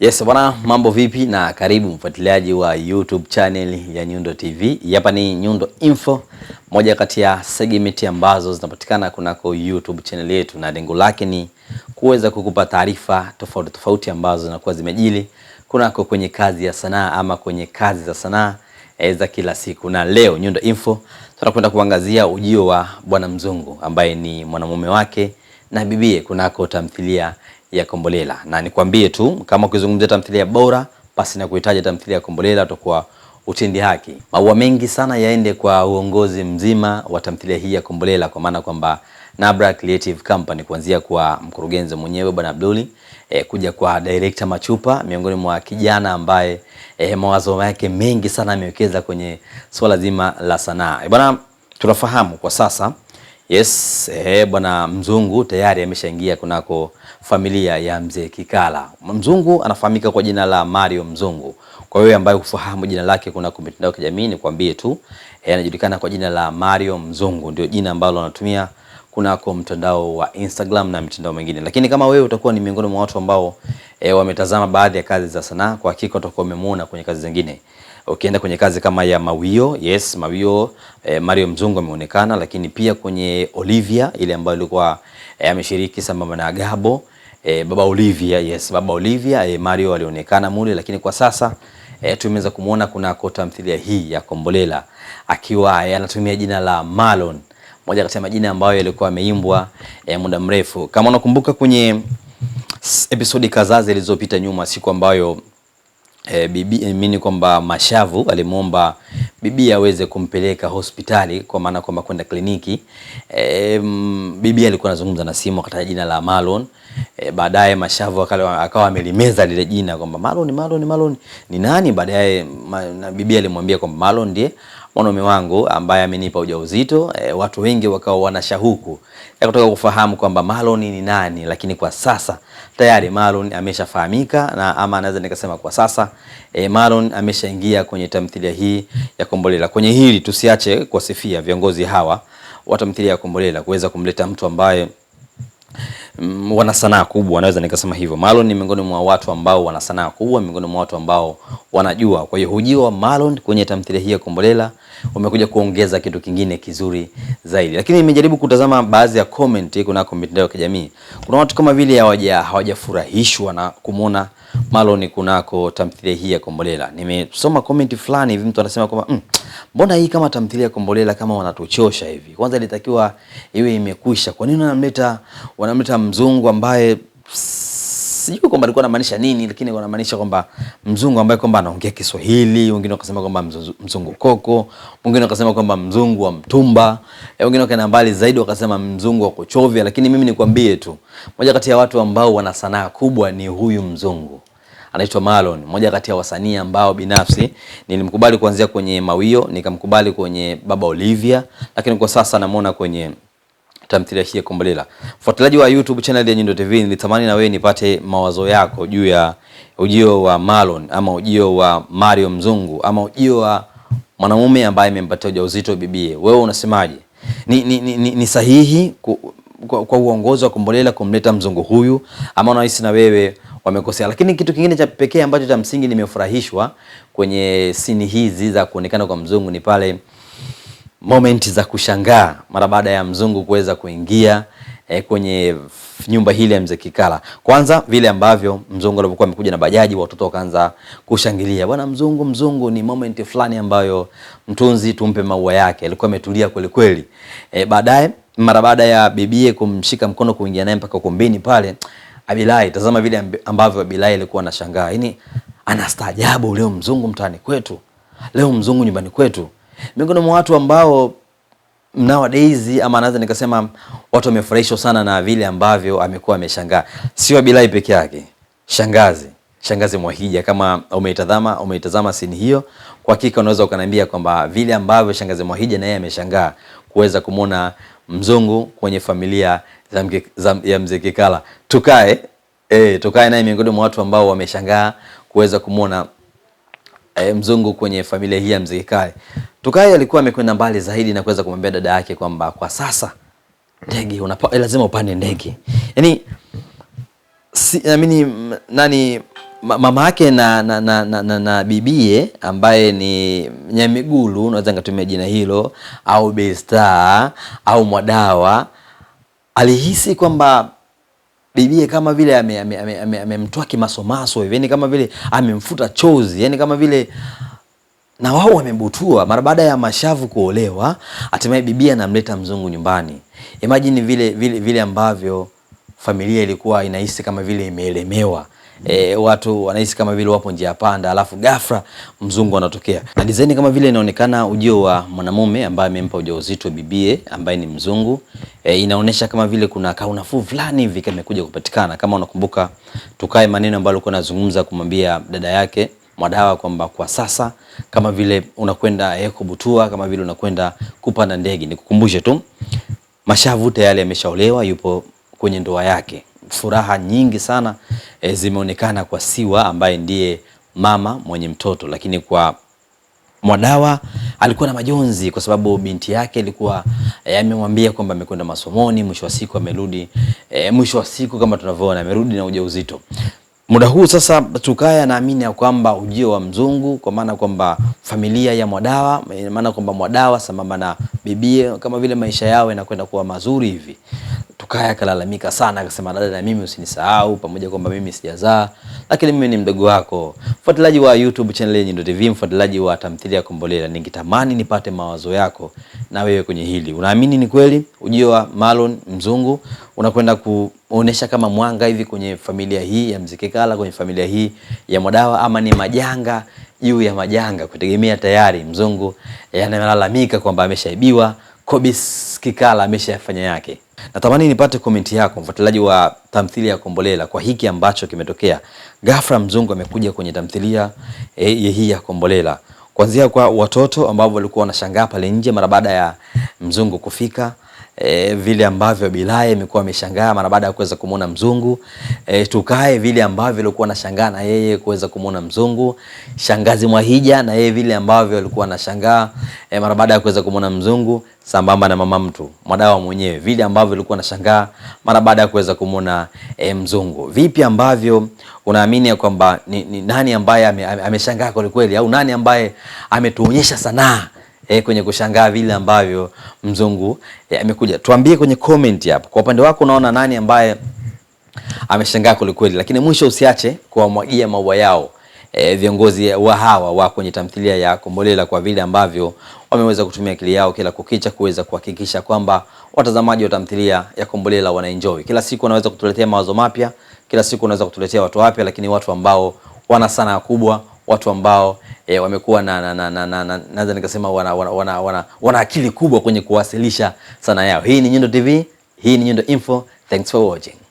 Yes bwana, mambo vipi na karibu mfuatiliaji wa YouTube channel ya Nyundo TV. Hapa ni Nyundo Info, moja kati ya segment ambazo zinapatikana kunako YouTube channel yetu, na lengo lake ni kuweza kukupa taarifa tofauti tofauti ambazo zinakuwa zimejili kunako kwenye kazi ya sanaa ama kwenye kazi za sanaa eh, za kila siku. Na leo Nyundo Info tunakwenda kuangazia ujio wa Bwana Mzungu ambaye ni mwanamume wake na bibie kunako tamthilia ya Kombolela, na nikwambie tu kama ukizungumzia tamthilia bora, basi na kuhitaji tamthilia ya Kombolela utakuwa utendi haki. Maua mengi sana yaende kwa uongozi mzima wa tamthilia hii ya Kombolela, kwa maana kwamba Nabra Creative Company kuanzia kwa mkurugenzi mwenyewe Bwana Abduli e, kuja kwa director Machupa, miongoni mwa kijana ambaye e, mawazo yake mengi sana amewekeza kwenye swala zima la sanaa. E, bwana tunafahamu kwa sasa yes, e, bwana Mzungu tayari ameshaingia kunako familia ya mzee Kikala. Mzungu anafahamika kwa jina la Mario Mzungu. Kwa wewe ambaye hufahamu jina lake kuna kwa mitandao ya kijamii, nikwambie tu eh, anajulikana kwa jina la Mario Mzungu, ndio jina ambalo anatumia kunako mtandao wa Instagram na mitandao mingine. Lakini kama wewe utakuwa ni miongoni mwa watu ambao e, wametazama baadhi ya kazi za sanaa, kwa hakika utakuwa umemuona kwenye kazi zingine. Ukienda kwenye kazi kama ya Mawio, yes Mawio, e, Mario Mzungu ameonekana, lakini pia kwenye Olivia ile ambayo ilikuwa e, ameshiriki sambamba na Gabo e, baba Olivia, yes, baba Olivia e, Mario alionekana mule, lakini kwa sasa e, tumeweza kumwona kunako tamthilia hii ya Kombolela akiwa e, anatumia jina la Marlon, moja kati ya majina ambayo yalikuwa yameimbwa e, muda mrefu. Kama unakumbuka kwenye episodi kadhaa zilizopita nyuma, siku ambayo e, bibi mimi kwamba Mashavu alimwomba bibi aweze kumpeleka hospitali kwa maana kwamba kwenda kliniki. E, bibi alikuwa anazungumza na simu akataja jina la Marlon. E, baadaye Mashavu akawa amelimeza lile jina kwamba Marlon, Marlon, Marlon ni nani? Baadaye na bibi alimwambia kwamba Marlon ndiye mwanaume wangu ambaye amenipa ujauzito. E, watu wengi wakawa wanashahuku ya kutaka kufahamu kwamba malo ni nani, lakini kwa sasa tayari Marlon ameshafahamika na ama anaweza nikasema kwa sasa e, Marlon ameshaingia kwenye tamthilia hii ya Kombolela. Kwenye hili tusiache kuwasifia viongozi hawa wa tamthilia ya Kombolela kuweza kumleta mtu ambaye Mm, wana sanaa kubwa, naweza nikasema hivyo. Marlon ni miongoni mwa watu ambao wana sanaa kubwa, miongoni mwa watu ambao wanajua. Kwa hiyo hujiwa Marlon kwenye tamthilia hii ya Kombolela umekuja kuongeza kitu kingine kizuri zaidi. Lakini nimejaribu kutazama baadhi ya comment kunako mitandao ya kijamii, kuna watu kama vile hawajafurahishwa na kumwona Marlon kunako tamthilia hii ya Kombolela. Nimesoma comment fulani hivi, mtu anasema kwamba mm, mbona hii kama tamthilia Kombolela kama wanatuchosha hivi? Kwanza ilitakiwa iwe imekwisha. Kwa nini wanamleta wanamleta mzungu ambaye sijui kwamba alikuwa anamaanisha nini, lakini wanamaanisha kwamba mzungu ambaye kwamba anaongea Kiswahili, wengine wakasema kwamba mzungu koko, wengine wakasema kwamba mzungu wa mtumba, eh, wengine wakaenda mbali zaidi wakasema mzungu wa kuchovya. Lakini mimi nikwambie tu, moja kati ya watu ambao wana sanaa kubwa ni huyu mzungu anaitwa Marlon, mmoja kati ya wasanii ambao binafsi nilimkubali kuanzia kwenye Mawio, nikamkubali kwenye Baba Olivia, lakini kwa sasa namuona kwenye tamthilia hii ya Kombolela. Mfuatiliaji wa YouTube channel ya Nyundo TV, nilitamani na wewe nipate mawazo yako juu ya ujio wa Marlon ama ujio wa Mario Mzungu ama ujio wa mwanamume ambaye amempatia ujauzito bibie. Wewe unasemaje? Ni, ni, ni, ni ni sahihi ku, kwa, kwa uongozi wa Kombolela kumleta mzungu huyu ama unahisi na wewe wamekosea. Lakini kitu kingine cha pekee ambacho cha msingi nimefurahishwa kwenye sini hizi za kuonekana kwa mzungu ni pale momenti za kushangaa mara baada ya mzungu kuweza kuingia eh, kwenye nyumba hili ya mzee Kikala. Kwanza vile ambavyo mzungu alipokuwa amekuja na bajaji, watoto wakaanza kushangilia, bwana mzungu, mzungu. Ni moment fulani ambayo mtunzi tumpe maua yake, alikuwa ametulia kweli kweli. Eh, baadaye mara baada ya bibie kumshika mkono kuingia naye mpaka ukumbini pale, Abilai, tazama vile ambavyo Abilai alikuwa anashangaa, yaani anastaajabu. Leo mzungu mtaani kwetu, leo mzungu nyumbani kwetu, miongoni mwa watu ambao nowadays ama naweza nikasema watu wamefurahishwa sana na vile ambavyo amekuwa ameshangaa. Sio Abilai peke yake, shangazi shangazi Mwahija, kama umeitazama umeitazama sini hiyo, kwa hakika unaweza ukaniambia kwamba vile ambavyo shangazi Mwahija na yeye ameshangaa kuweza kumwona mzungu kwenye familia ya mzee Kikala. Tukae eh, tukae naye miongoni mwa watu ambao wameshangaa kuweza kumwona eh, mzungu kwenye familia hii ya mzee Kikala. Tukae alikuwa amekwenda mbali zaidi na kuweza kumwambia dada yake kwamba kwa sasa ndege unapa, eh, lazima upande ndege. yani, si, amini nani mama yake na, na, na, na, na, na bibie ambaye ni Nyamigulu, unaweza ngatumia jina hilo au Besta au Mwadawa alihisi kwamba bibie kama vile amemtoa ame, ame, ame kimasomaso hivi, yani kama vile amemfuta chozi, yani kama vile na wao wamebutua. Mara baada ya Mashavu kuolewa, hatimaye bibia anamleta mzungu nyumbani. Imagine vile, vile, vile ambavyo familia ilikuwa inahisi kama vile imeelemewa, e, watu wanahisi kama vile wapo njia panda, alafu ghafla mzungu anatokea na design kama vile inaonekana ujio wa mwanamume ambaye amempa ujauzito bibie ambaye ni mzungu e, inaonesha kama vile kuna kaunafuu fulani hivi kamekuja kupatikana. Kama unakumbuka tukae maneno ambayo alikuwa anazungumza kumwambia dada yake Mwadawa kwamba kwa sasa kama vile unakwenda Eko Butua, kama vile unakwenda kupanda ndege. Nikukumbushe tu, Mashavu tayari yameshaolewa, yupo kwenye ndoa yake furaha nyingi sana e, zimeonekana kwa Siwa ambaye ndiye mama mwenye mtoto, lakini kwa Mwadawa alikuwa na majonzi kwa sababu binti yake ilikuwa e, amemwambia kwamba amekwenda masomoni, mwisho wa siku amerudi e, mwisho wa siku kama tunavyoona amerudi na ujauzito. Muda huu sasa, Tukaya naamini ya kwamba ujio wa mzungu, kwa maana kwamba familia ya Mwadawa, e, maana kwamba Mwadawa sambamba na bibie, kama vile maisha yao yanakwenda kuwa mazuri hivi. Tukaya akalalamika sana, akasema dada, na mimi usinisahau, pamoja kwamba mimi sijazaa, lakini mimi ni mdogo wako. Mfuatiliaji wa YouTube channel ya Nyundo TV, mfuatiliaji wa tamthilia Kombolela, ningetamani nipate mawazo yako na wewe kwenye hili. Unaamini ni kweli ujio wa Marlon Mzungu unakwenda kuonesha kama mwanga hivi kwenye familia hii ya mziki Kala, kwenye familia hii ya Mwadawa, ama ni majanga juu ya majanga, kutegemea tayari Mzungu yanalalamika eh, kwamba ameshaibiwa, Kobis Kikala ameshafanya yake Natamani nipate komenti yako mfuatiliaji wa tamthilia ya Kombolela kwa hiki ambacho kimetokea. Ghafla mzungu amekuja kwenye tamthilia e, hii ya Kombolela, kuanzia kwa watoto ambao walikuwa wanashangaa pale nje mara baada ya mzungu kufika E, vile ambavyo Bilaye imekuwa ameshangaa mara baada ya kuweza kumwona mzungu e, tukae vile ambavyo alikuwa anashangaa na yeye kuweza kumwona mzungu. Shangazi Mwahija na yeye vile ambavyo alikuwa anashangaa e, mara baada ya kuweza kumwona mzungu, sambamba na mama mtu Mwadawa mwenyewe vile ambavyo alikuwa anashangaa mara baada ya kuweza kumwona e, mzungu. Vipi ambavyo unaamini kwamba ni, ni nani ambaye ameshangaa ame kweli kweli, au nani ambaye ametuonyesha sanaa eh, kwenye kushangaa vile ambavyo mzungu eh, amekuja. Tuambie kwenye comment hapo, kwa upande wako unaona nani ambaye ameshangaa kwelikweli, lakini mwisho usiache kuwamwagia maua yao eh, viongozi wa hawa wa kwenye tamthilia ya Kombolela kwa vile ambavyo wameweza kutumia akili yao kila kukicha kuweza kuhakikisha kwamba watazamaji wa tamthilia ya Kombolela wanaenjoy. Kila siku wanaweza kutuletea mawazo mapya, kila siku wanaweza kutuletea watu wapya, lakini watu ambao wana sanaa kubwa watu ambao e, wamekuwa na na, na, na, na, na, nikasema wana, wana, wana, wana, wana akili kubwa kwenye kuwasilisha sanaa yao. Hii ni Nyundo TV, hii ni Nyundo Info. Thanks for watching.